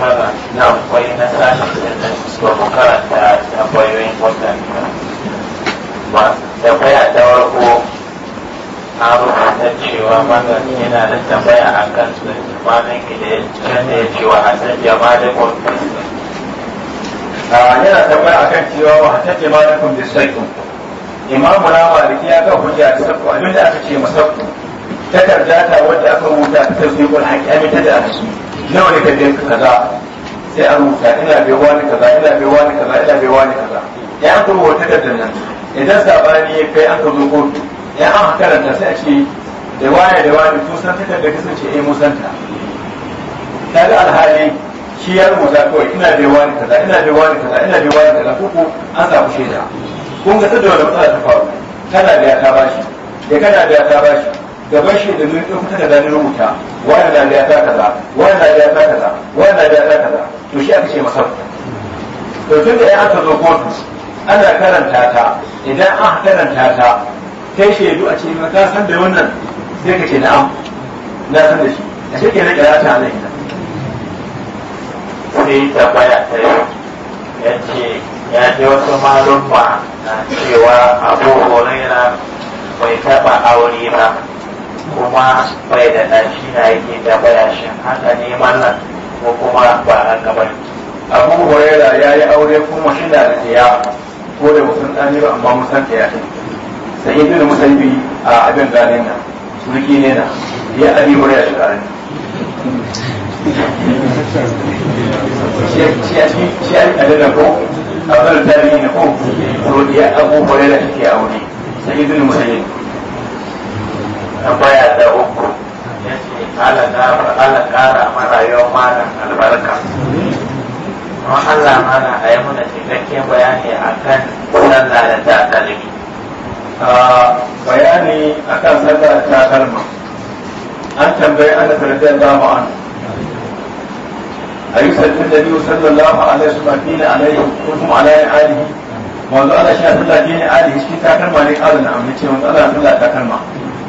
saba na akwai na sashen da ba mu karanta tambayoyin wannan ba da baya ta warko an rubuta cewa magani yana da tambaya a su malin gida can da ya cewa a san jamalin ofis yana tambaya a kan cewa wa ta jamalin ofis sai imamu na maliki ya ga hujja ta sakku abinda aka ce masakku takarda ta wadda aka rubuta ta tasdiqul haqqi amince da aka nawa ne ka biyan ka kaza sai an rubuta ina bai wani kaza ina bai wani kaza ina bai wani kaza ya an kuma wata takardar nan idan sabani ya kai an ka zo kotu ya an karanta sai a ce da waya da wani kun san takardar ce eh musanta. ta ga alhali shi ya rubuta kawai ina bai wani kaza ina bai wani kaza ina bai wani kaza kuku an samu shaida kun ga da wani matsala ta faru kana da ya ta bashi da kana da ya ta bashi gaban shi da mun ɗauka da zanen rubuta wani da ya ta kaza wani da ya ta kaza wani da ya ta kaza to shi aka ce masa to tun da ya aka zo kotu ana karanta ta idan an karanta ta kai shaidu a ce ma ka san da wannan sai ka ce na'am na san da shi a ce ke na kira ta nan sai baya ta yi ya ce ya ce wasu malumma na cewa abubuwan yana bai taɓa aure ba kuma bai da nan shi na yake da bayashin haka neman nan ko kuma ba haka ba abu huraira ya yi aure kuma shi na da ya ko da mutum ɗani ba amma musan ta ya ce sai yi da musan a abin ganin na suruki ne na ya abi huraira shi ƙarin shi ya yi adada ko abin da ne ko to ya abu huraira shi ke aure sai yi da musan yi tambaya ala gafar ala kara ma rayuwar malam albarka kuma Allah mana a yi muna cikakken bayani a kan da takalmi bayani a kan sallah da takalma an tambayi ana tarbiyyar dama an a yi sabbin da biyu sallallahu alaihi wasu mafina alaihi ko kuma alaihi alihi wanzu shi a sallah ne alihi shi takalma ne kalin amince wanzu ana sallah takalma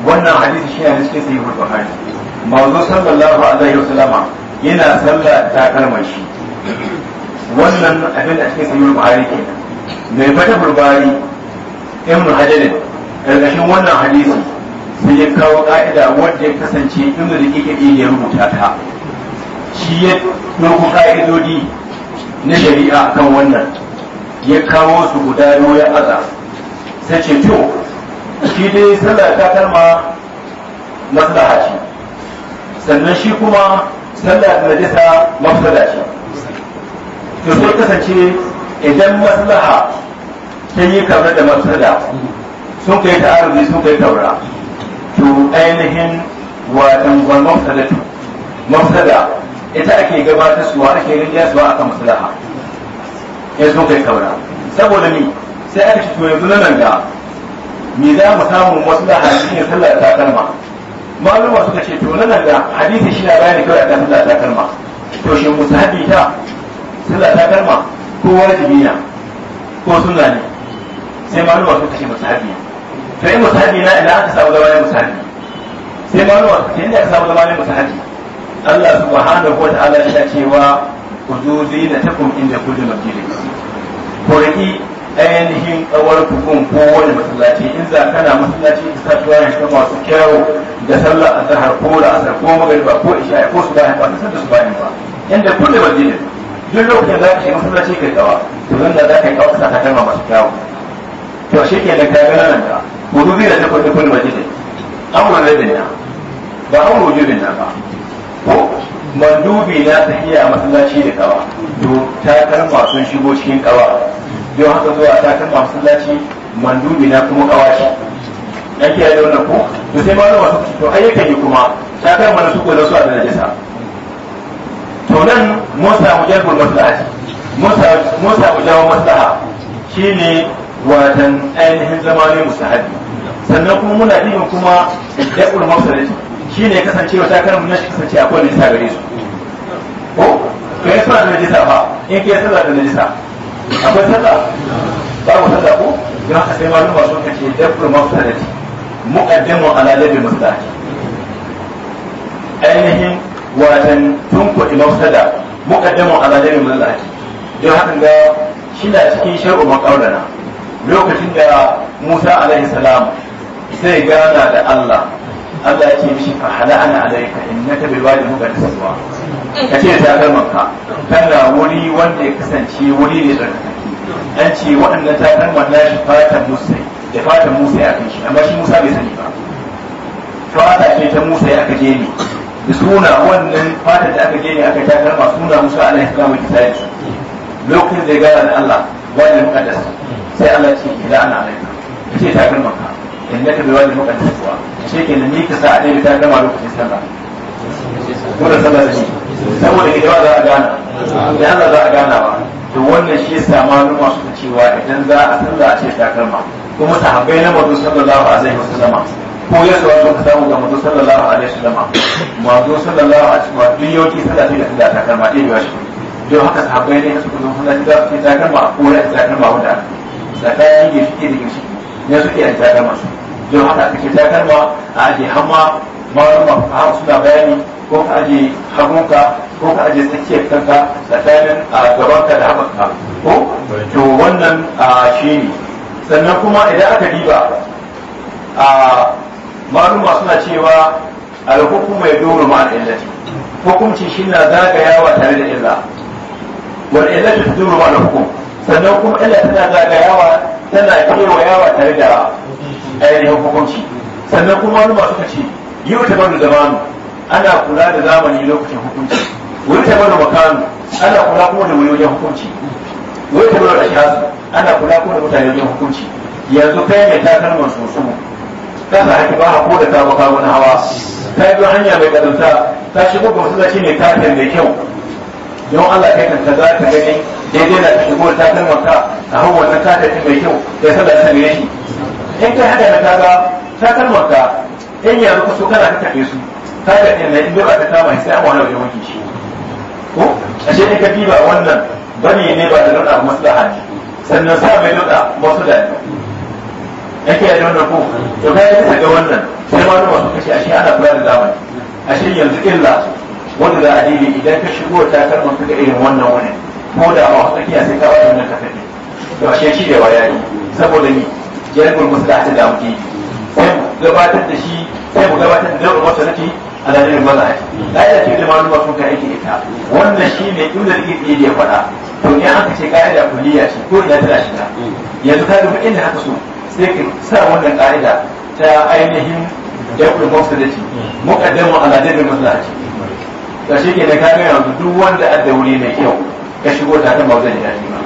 wannan hadisi shi ne cikin sahihul bukhari manzo sallallahu alaihi sallama yana sallah ta kalmar shi wannan abin da ake sayi buhari ke mai fata burbari ibn hajar karkashin wannan hadisi sai ya kawo ka'ida wanda ya kasance inda da kike iya rubuta ta shi ya nuku ka'idodi na shari'a kan wannan ya kawo su guda biyu ya aza sai ce to shi dai sallah ta kalma maslaha ce sannan shi kuma sallah jisa mafsada shi to sai kasance idan maslaha ta yi kamar da mafsada sun kai ta arziki sun kai taura to ainihin watan mafsada to mafsada ita ake gabatar suwa ake rinjiya suwa akan maslaha ya sun kai taura saboda ni sai aka ci to yanzu nan da me za mu samu maslaha shine sallah ta kalma malama suka ce to nan da hadisi shi na bayani kawai da sallah ta kalma to shi haɗi ta sallah ta kalma ko wajibi na ko sunna ne sai malama suka ce musahabi to in musahabi na ina aka samu zama ne musahabi sai malama suka ce inda aka samu zama ne musahabi Allah subhanahu wa ta'ala ya cewa kuzuzi na takum inda kullu mabdilin ko yaki ainihin tsawar tukun kowane masallaci in za kana masallaci isa tuwa ya shiga masu kyau da sallah, sallar azhar ko la'asar ko magariba ko isha ko su bayan ba sai da su bayan ba inda kullu madina duk lokacin da kake masallaci kai kawa to nan da zaka yi kawa ka kalma masu kyau. to shi ke da kaga nan da kudu zai da kullu kullu madina amrun rabbina ba amrun wujubina ba ko mandubi na tafiya masallaci da kawa to ta kalma sun shigo cikin kawa yau haka zuwa ta kan masallaci mandubi na kuma kawashi dan kiyaye da wannan ko to sai malama su to ayyukan yi kuma ta kan mana su ko da su a najasa to nan musa mujabul maslahati musa musa mujabul maslaha shine watan ainihin zamanin mustahabi sannan kuma muna dinin kuma daɗin mafsalati shi shine kasancewa kan mun shi kasance akwai sa gare su ko kai sa da jisa ba in kai sa da jisa. akwai tada ba mu tada ko don haka sai malum masu kan ce dabbar mafsadati muqaddamu ala labi mafsadati ainihin watan tunkuɗi mafsada muqaddamu ala labi mafsadati don haka ga shi na cikin shar'u makaulana lokacin da Musa alaihi salam sai gana da Allah Allah ya ce mishi fa hala'ana alayka innaka bi wadi muqaddaswa kace da takalmanka kana wuri wanda ya kasance wuri ne da an ce waɗannan takalman na shi fatan musa da fatan musa ya kai shi amma shi musa bai sani ba fata ce ta musa ya aka gene da suna wannan fata da aka gene aka takalma suna musa ya alaihi salamu kisayi lokacin zai gara da Allah wani muqaddas sai Allah ce ila ana alaika ka ce ta kace takalmanka in ya tabi wani mukan tasowa shi ke nan ni ka sa a ɗaya ta gama lokacin sallah ko da sallah da shi saboda gidawa za a gana da za a gana ba to wannan shi yasa maluma suka cewa idan za a sallah a ce takalma kuma sahabbai na mazo sallallahu alaihi wasallama ko ya zuwa sun ka samu ga mazo sallallahu alaihi wasallama mazo sallallahu alaihi wasallama duk yauki sallah ta da takalma ɗaya da shi don haka sahabbai ne suka zo sallah ta takalma ko da takalma wanda tsakanin gishiki da gishiki ne suke yan takalma masu don haka aka takarwa a ajiye hamma mawar mafaha suna bayani ko ka aje hagunka ko ka aje tsakiyar kanka tsarin a gabanka da ka ko to wannan shi ne sannan kuma idan aka diba a maluma suna cewa mai ya ma da illati hukunci shi na zagayawa tare da illa wal illati doro ma da hukum sannan kuma illa tana zagayawa tana yawa tare da ainihin hukunci sannan kuma wani masu kace yau ta manu zamanu ana kula da zamani lokacin hukunci wani ta bada makanu ana kula kuma da wayoyin hukunci wani ta bada ashasu ana kula kuma da mutane wajen hukunci yanzu kai mai takalman ta kasa haifi ba ko da ta baka wani hawa ta yi hanya mai kadanta ta shigo ga wasu zaci ne kafin mai kyau don Allah kai kan za ka gani daidai na shigo da takalman ka a hau wannan ta tafi mai kyau ya sallah ta same shi in kai haka na kaga takalmar ka in yanzu ka so kana ka taɓe su kata ɗin nan in dole ta kama sai an wani wajen shi ko ashe in ka diba wannan bari ne ba da nuna maslaha ne sannan sa mai nuna maslaha ne yake da wannan ko to kai ka ga wannan sai ma ruwa a shi ana kula da zamani ashe yanzu illa wanda za a idan ka shigo ta karman ka irin wannan wani ko da ba ka kiyaye sai ka wannan ka fadi to ashe shi da bayani saboda ni jalbul maslahati da muke sai gabatar da shi sai mu gabatar da nau'in masalati a zanen mazhabi ka'ida ce da malama sun ka aiki ita wannan shi ne inda da ke da ya faɗa to in aka ce ka'ida kulliya ce ko ina tana shiga yanzu ka dubi inda haka so sai ka sa wannan ka'ida ta ainihin jalbul maslahati muqaddamu ala jalbul maslahati to shi ke da ka ga yanzu duk wanda adda wuri mai kyau ka shigo da ta mawzani da shi ma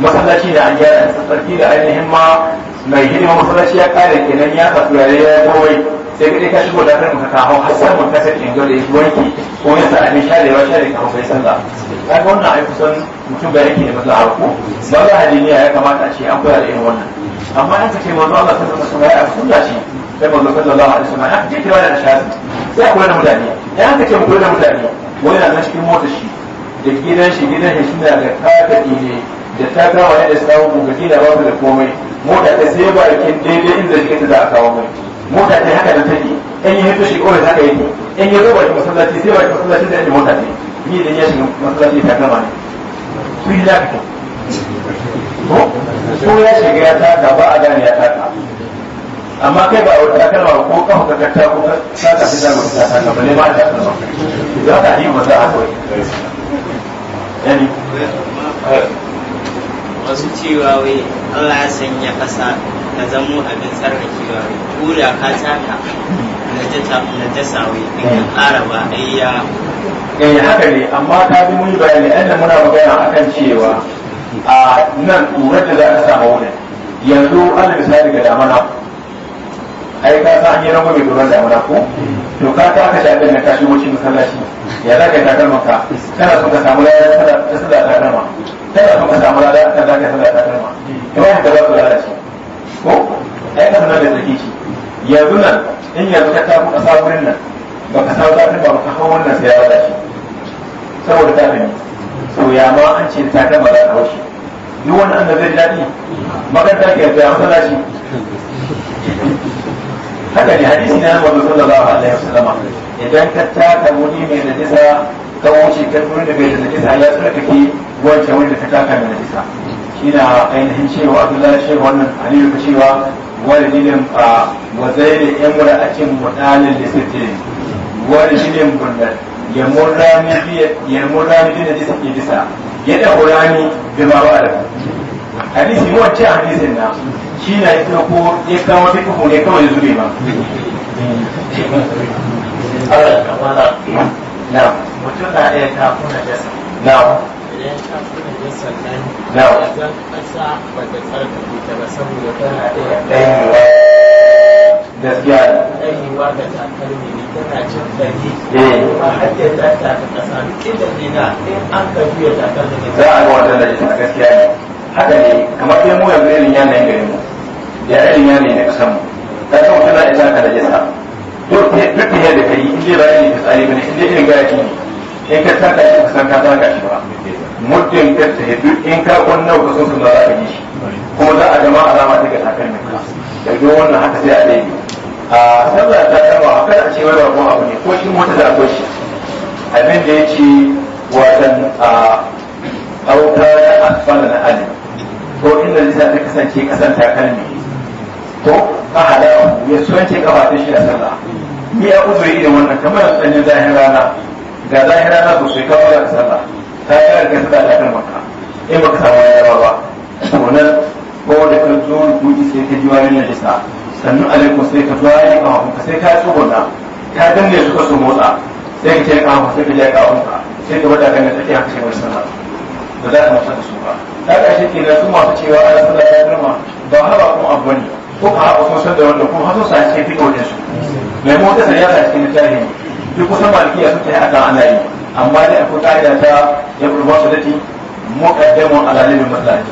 masallaci da an gyara da sarki da ainihin ma mai hidima masallaci ya kare kenan ya tafi yare ya gowai sai kaje ka shigo da kan ka hau har sai mun kasar in da yake wanki ko ya sa abin share wa share ka sai sallah kai wannan ai kusan mutum bai yake da maza a ko maza hadiniya ya kamata a ce an koya da irin wannan amma in ka ce manzo Allah ta alaihi wasallam ya sunna shi sai manzo sallallahu alaihi wasallam ya ce da shafi sai kula da mutane ya ka ce kula da mutane wani na cikin motar shi da gidan shi gidan shi suna da kafadi ne da ta kawo ya da su kawo gugaki da ba da komai mota ta sai ba kin daidai inda jikin ta za a kawo mai mota ta haka da take in yi hito shi kawai haka yake in yi zo bakin masallaci sai bakin masallaci da yake mota ne ni da ya shiga masallaci ta gama ne su yi lafi ko ya shiga ya taka ba a gane ya taka amma kai ba a wata kalma ko kan ka kakkata ko ka saka fi da ta saka ba ne ma ta kalma za ka yi maza a kawai yani wasu cewa wai Allah ya sanya kasa ka zamo abin tsarkakewa kura ka tsaka na jasa wai in ka ƙara ba ayya eh haka ne amma ta bi mun bayani inda muna magana akan cewa a nan ƙurar da za ka samu wani yanzu ana misali ga damana ai ka san an yi rango mai doron damana ko to ka ta aka shaɗa na kashi wucin masallaci ya za ka yi takalmanka kana son ka samu layar da sada takalma kada kuma samu da akan zaka sallah ta kalma to ba ka ba ta lada ko ai ka sanar da zaki shi yanzu nan in yanzu ka tafi kasa wurin nan baka ba ka hawo wannan sai ya lada saboda ta ne so ya ma an ce ta kalma za ta haushi duk wani an da zai daɗi maganta ke yanzu ya masallaci haka ne hadisi na wanda sallallahu alaihi wasallam idan ka taka wuri mai najisa ka wuce ka tuni da mai najisa ya tsarkake wacce wanda ta taka da najisa shi na ainihin cewa abdullahi shehu wannan aliyu ka cewa wani lilin a wazai da yan wura a mura'akin mutanen lisitin wani lilin bundan ya murrani ya murrani da najisa ke bisa ya da wura murrani da ma ba da hadisi mu wancan hadisin na shi na ya ko ya kawo fikihu ne kawai ya zube ba Allah ya kamala na mutum na iya kafin jasa. na gaskiya da takalmi ne tana cin ɗari ba har da ta taka ƙasa inda ne na in an ka juya takalmi ne za a ga wata da jita gaskiya ne haka ne kamar sai mu yanzu irin yanayin garin mu ya irin yanayin na kasan mu ta san mutum na isa ka da jisa duk da yadda ka yi in dai ra'ayi ne ka tsari bane in dai irin gaya ne in ka taka shi kusan ka taka shi ba muddin ka tafi duk in ka wannan ka so sun za ka yi shi kuma za a jama alama daga takalmin ka da duk wannan haka sai a ɗaya a saboda ta kama a kada a ce wai babban abu ne ko shi mota da ko shi abin da ya ce watan a auta da asfala na ali ko inda lissa ta kasance kasan takalmi ko a halawa ya suwance kafa ta shi a sallah ni a uzuri irin wannan kamar tsanyin zahin rana da zahira na ku shi kawo da sallah ta ga ka sada da kan maka in baka samu ya ba to nan ko da kan zo rubuci sai ka ji wani na jisa sannu alaikum sai ka zuwa ya kawo ka sai ka yi tsuguna ka danne su ka su motsa sai ka ce kawo sai ka je ka kawo ka sai ka bada kan da take haka ce mai sallah ba za ka masa da su ba ta ga shi kenan su masu cewa ala sallah ya girma ba haba kuma abu bane ko ka haɓa kun san da wanda ko haso sa cikin fito da su mai mota sai ya sa cikin tarihi duk wata malikiya suka yi haka ana yi amma dai akwai ƙa'ida ta yabul fasilati muqaddamun ala ilmin maslahi